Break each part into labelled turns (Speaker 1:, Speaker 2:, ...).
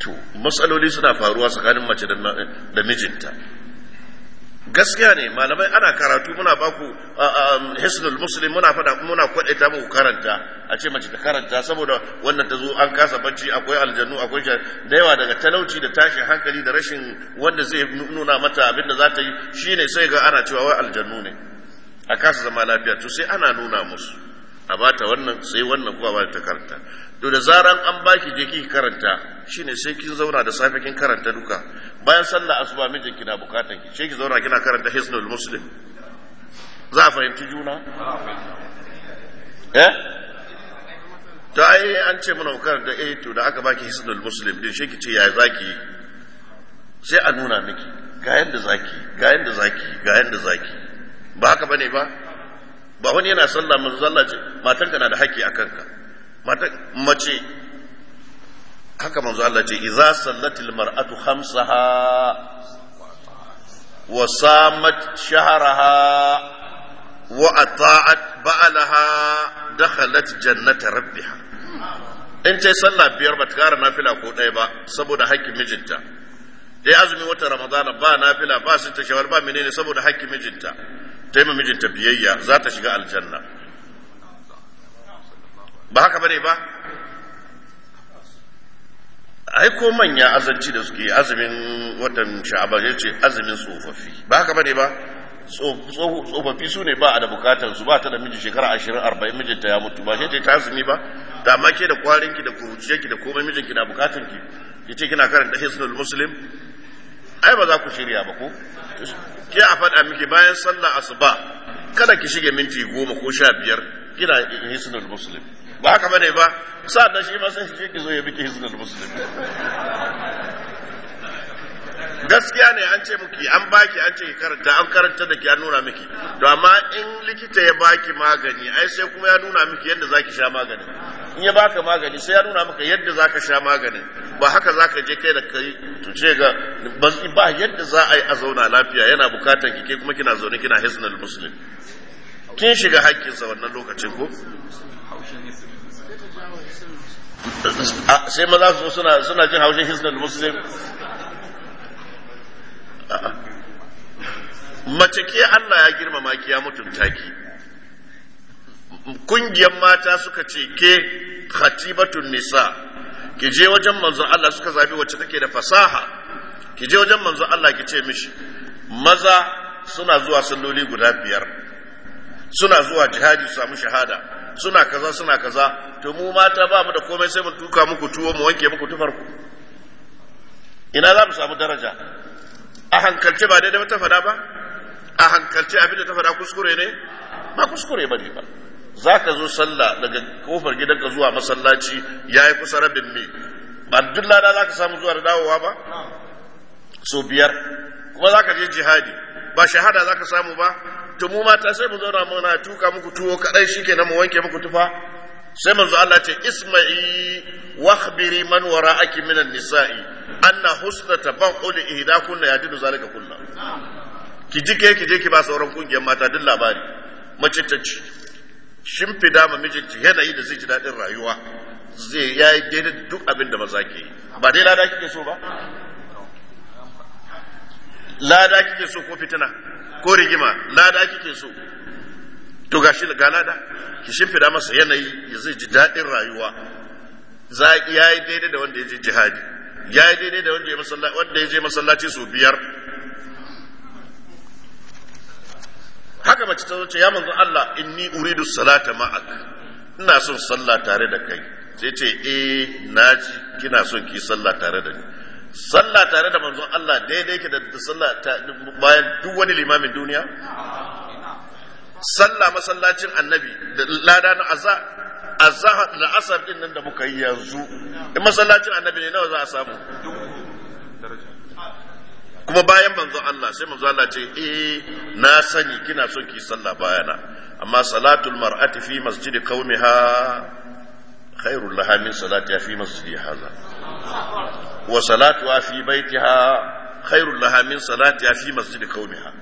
Speaker 1: to matsaloli suna faruwa tsakanin mace da mijinta gaskiya ne malamai ana karatu muna baku um, hisnul muslim muna fada muna kwadaita muku karanta a ce mace ta karanta saboda wannan ta zo an kasa bacci akwai aljannu akwai da yawa daga talauci da tashin hankali da rashin wanda zai nuna mata abin da za ta yi shine sai ga ana cewa wai aljannu ne a kasa zama lafiya to sai ana nuna musu a bata wannan sai wannan kuwa ba ta karanta to da zaran an baki je ki karanta shine sai kin zauna da safe kin karanta duka bayan sallah asuba mijinki na bukatan ki sai ki zauna kina karanta hisnul muslim za a fahimci juna eh To ai an ce mana karanta eh to da aka baki hisnul muslim din sai ki ce ya zaki sai a nuna miki ga yanda zaki ga yanda zaki ga yanda zaki ba haka bane ba ba wani yana sallah manzo Allah ce matanka na da haƙƙi akan ka mace haka manzo Allah ce idza sallatil mar'atu khamsaha wa samat shahraha wa ata'at ba'alaha dakhalat jannata rabbiha in ce sallah biyar bata kara nafila ko ɗaya ba saboda haƙƙin mijinta dai azumi wata ramadana ba nafila ba sun ta shawar ba menene saboda haƙƙin mijinta ta yi mijinta biyayya za ta shiga aljanna ba haka bane ba ai ko manya azanci da suke azumin watan sha'aban ya ce azumin tsofaffi ba haka bane ba tsofaffi su ne ba a da bukatar su ba ta da miji shekara ashirin arba'in mijinta ya mutu ba shi ta azumi ba da ma ke da kwarin ki da kuruciye ki da komai mijin ki na bukatar ki ki ce kina karanta hisnul muslim ai ba za ku shirya ba ko ke a faɗa miki bayan sallah asuba kada ki shige minti goma ko sha biyar kina hisnul muslim ba haka bane ba sa'an nan shi ma sai shi ke zo ya bike hizbul musulmi gaskiya ne an ce muki an baki an ce ki karanta an karanta da ki an nuna miki to amma in likita ya baki magani ai sai kuma ya nuna miki yadda zaki sha magani in ya baka magani sai ya nuna maka yadda zaka sha magani ba haka zaka je kai da kai to ce ga ba yadda za a yi a zauna lafiya yana bukatar ki ke kuma kina zaune kina hisnul muslim kin shiga sa wannan lokacin ko sai za su zo suna jin haushin hisnal muslim mace ke Allah ya girmama ki ya mutunta ki kungiyar mata suka ce ke khatibatun nisa ki je wajen manzo Allah suka zabi wacce take da fasaha ki je wajen manzo Allah ki ce mishi maza suna zuwa salloli guda biyar suna zuwa jihadi su samu shahada suna kaza suna kaza to mu mata ba mu da komai sai mu tuka muku tuwo mu wanke muku tufarku. ina za mu samu daraja a hankalce ba daidai ta fada ba a hankalce a da ta fada kuskure ne ba kuskure ba ne ba za ka zo sallah daga kofar gidanka zuwa masallaci ya yi kusa rabin me ba duk lada za ka samu zuwa da dawowa ba so biyar kuma za ka je jihadi ba shahada za ka samu ba to mu mata sai mu zauna muna tuka muku tuwo kadai shikenan mu wanke muku tufa sai manzo Allah ce isma'i wakhbiri man wara'aki minan nisa'i anna husna ihda kunna yadidu zalika kullu ki jike ki je ki ba sauran kungiyar mata duk labari mace ta ci shimfida ma yanayi da zai ji daɗin rayuwa zai ya yi duk abin da maza ke ba dai lada kike so ba lada kike so ko fitina ko rigima lada kike so to gashi ga lada ki shimfida masa yanayi ya zai ji daɗin rayuwa za ya yi daidai da wanda ya je jihadi ya yi daidai da wanda ya je masallaci sau biyar haka mace ta ce ya manzo Allah inni uridu salata ma'ak ina son sallah tare da kai sai ce eh naji kina son ki sallah tare da ni sallah tare da manzon Allah daidai ke da sallah bayan duk wani limamin duniya sallah masallacin annabi da lada na azza azza da asar din nan da muka yi yanzu in masallacin annabi ne nawa za a samu kuma bayan manzon Allah sai manzon Allah ce eh na sani kina so ki sallah bayana amma salatul mar'ati fi masjidi qaumiha khairul laha min salati fi masjidi hadha wa salatuha fi baitiha khairul laha min salatiha fi masjid kaumiha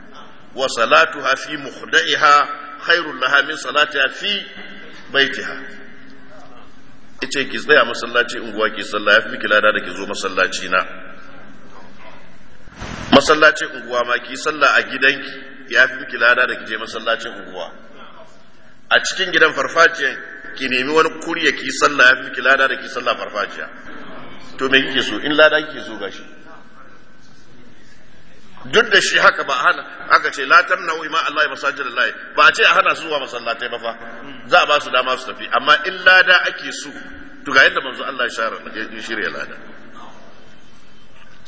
Speaker 1: wa salatuha fi mukhda'iha khairul laha min salatiha fi baitiha ice ki tsaya masallaci unguwa ki ya fi miki lada da ki zo masallaci na masallacin unguwa ma ki sallah a gidanki fi miki lada da ki je masallacin unguwa a cikin gidan farfajiyan ki nemi wani kurya ki ya fi miki lada da ki sallah farfajiya to me kike so in lada kike so gashi duk da shi haka ba hana aka ce la tamna ima Allah masajid ba a ce a hana su zuwa masallatai ba fa za a ba su dama su tafi amma in lada ake so to ga yadda manzo Allah ya shirya lada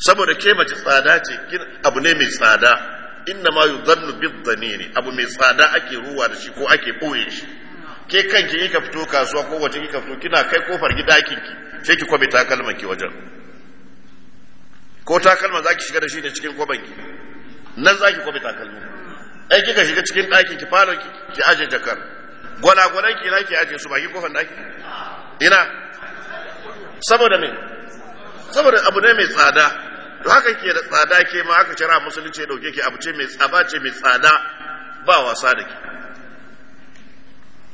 Speaker 1: saboda ke mace tsada ce abu ne mai tsada inna ma yuzannu bid abu mai tsada ake ruwa da shi ko ake boye shi ke kanki ka fito kasuwa ko ki ka fito kina kai kofar gidakin ki sai ki kwabe takalman ki wajen ko takalman zaki shiga da shi da cikin kwaban ki nan zaki kwabe takalma ai kika shiga cikin ɗakin ki fara ki ki aje jakar gwalagwalan ki na ki aje su ki kofar ɗaki ina saboda me saboda abu ne mai tsada to haka ke da tsada ke ma haka kira musulunci ya dauke ki abu ce mai tsaba ce mai tsada ba wasa da ki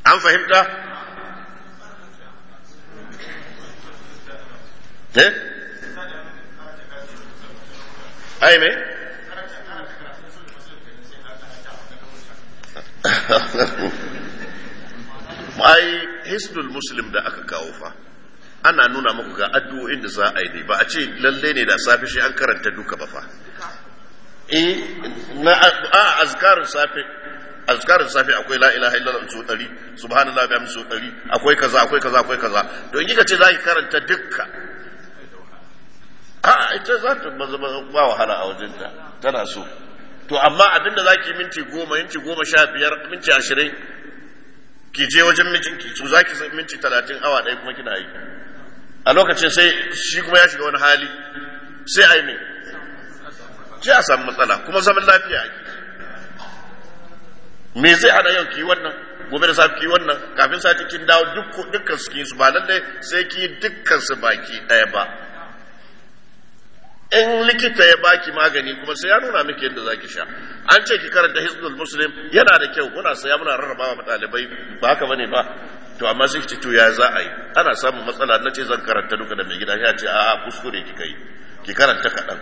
Speaker 1: an fahimta eh ai mai ai hisnul muslim da aka kawo fa ana nuna muku ga addu'o'in da za a yi ne ba a ce lalle ne da safe shi an karanta duka ba fa eh na a azkarin safe azkarin safi akwai la ilaha illallah su dari subhanallahi bihamdihi su dari akwai kaza akwai kaza akwai kaza to in kika ce zaki karanta dukka a ita za ta ba wahala a wajenta tana so to amma abinda zaki minti goma minti goma sha biyar minti ashirin ki je wajen ki to zaki minti talatin awa ɗaya kuma kina yi a lokacin sai shi kuma ya shiga wani hali sai a yi ne sai a samu matsala kuma zaman lafiya ake me zai hada yau ki wannan gobe da safi ki wannan kafin sati kin dawo duk dukkan su ki su ba lalle sai ki dukkan su baki daya ba in likita ya baki magani kuma sai ya nuna miki yadda zaki sha an ce ki karanta hizbul muslim yana da kyau muna saya muna rarrabawa ɗalibai ba haka bane ba to amma sai ki to ya za a yi ana samun matsala na ce zan karanta duka da mai gida ya ce a'a kuskure kika yi ki karanta kaɗan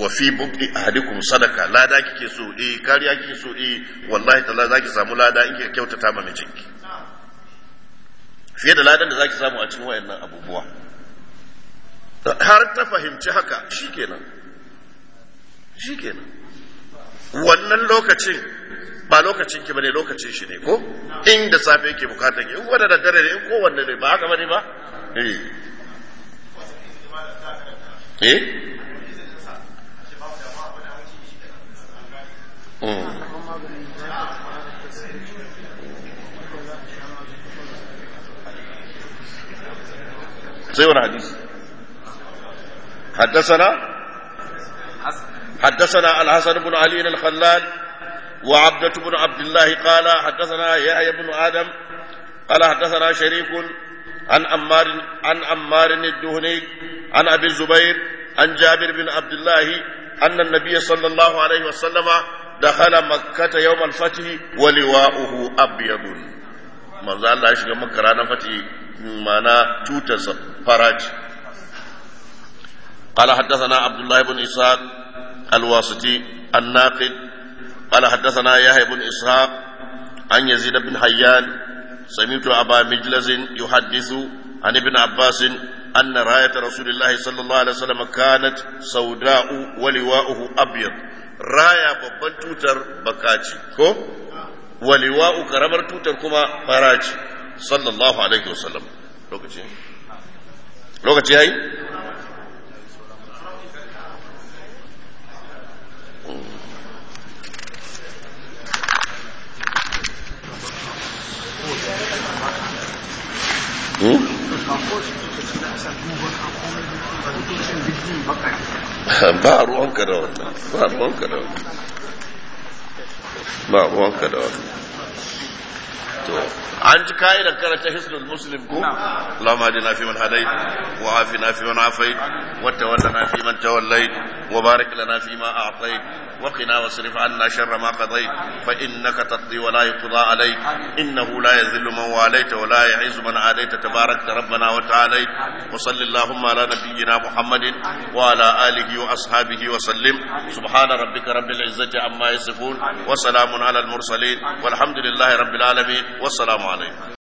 Speaker 1: wa fi a ahadikum sadaka lada kike so eh kariya kike so eh wallahi ta'ala zaki samu lada in kika kyautata ma mijinki fiye da ladan da zaki samu a cikin wayannan abubuwa har ta fahimci haka shikenan shikenan wannan lokacin ba lokacin ki bane lokacin shi ne ko Inda safe yake bukatar ki in wanda da dare ne in ko wanda ne ba haka bane ba eh eh سيور حديث حدثنا حدثنا الحسن بن علي الخلال وعبدة بن عبد الله قال حدثنا يحيى بن آدم قال حدثنا شريك عن أمار عن أمار الدهني عن أبي الزبير عن جابر بن عبد الله أن النبي صلى الله عليه وسلم dakhala makkata yawmal fathi wa liwa'uhu abyadun manzo Allah ya shiga makka ranar fathi mana tutarsa faraji قال حدثنا عبد الله بن إسحاق الواسطي الناقد قال حدثنا يحيى بن إسحاق عن يزيد بن حيان سمعت أبا مجلس يحدث عن ابن عباس أن راية رسول الله صلى الله عليه وسلم كانت سوداء ولواؤه أبيض raya babban tutar bakaci ko waliwa karamar tutar kuma faraci sallallahu alaihi wasallam lokaci lokaci yayi hmm? ba ruwa bom carona, vá, bom carona. Vá, bom carona. Tô. an ci kayi da karanta hisnul muslim ko Allahumma hadina anna sharra ma fa innaka taqdi wa la yuqda nabiyyina Muhammadin wa والحمد لله رب العالمين والسلام پال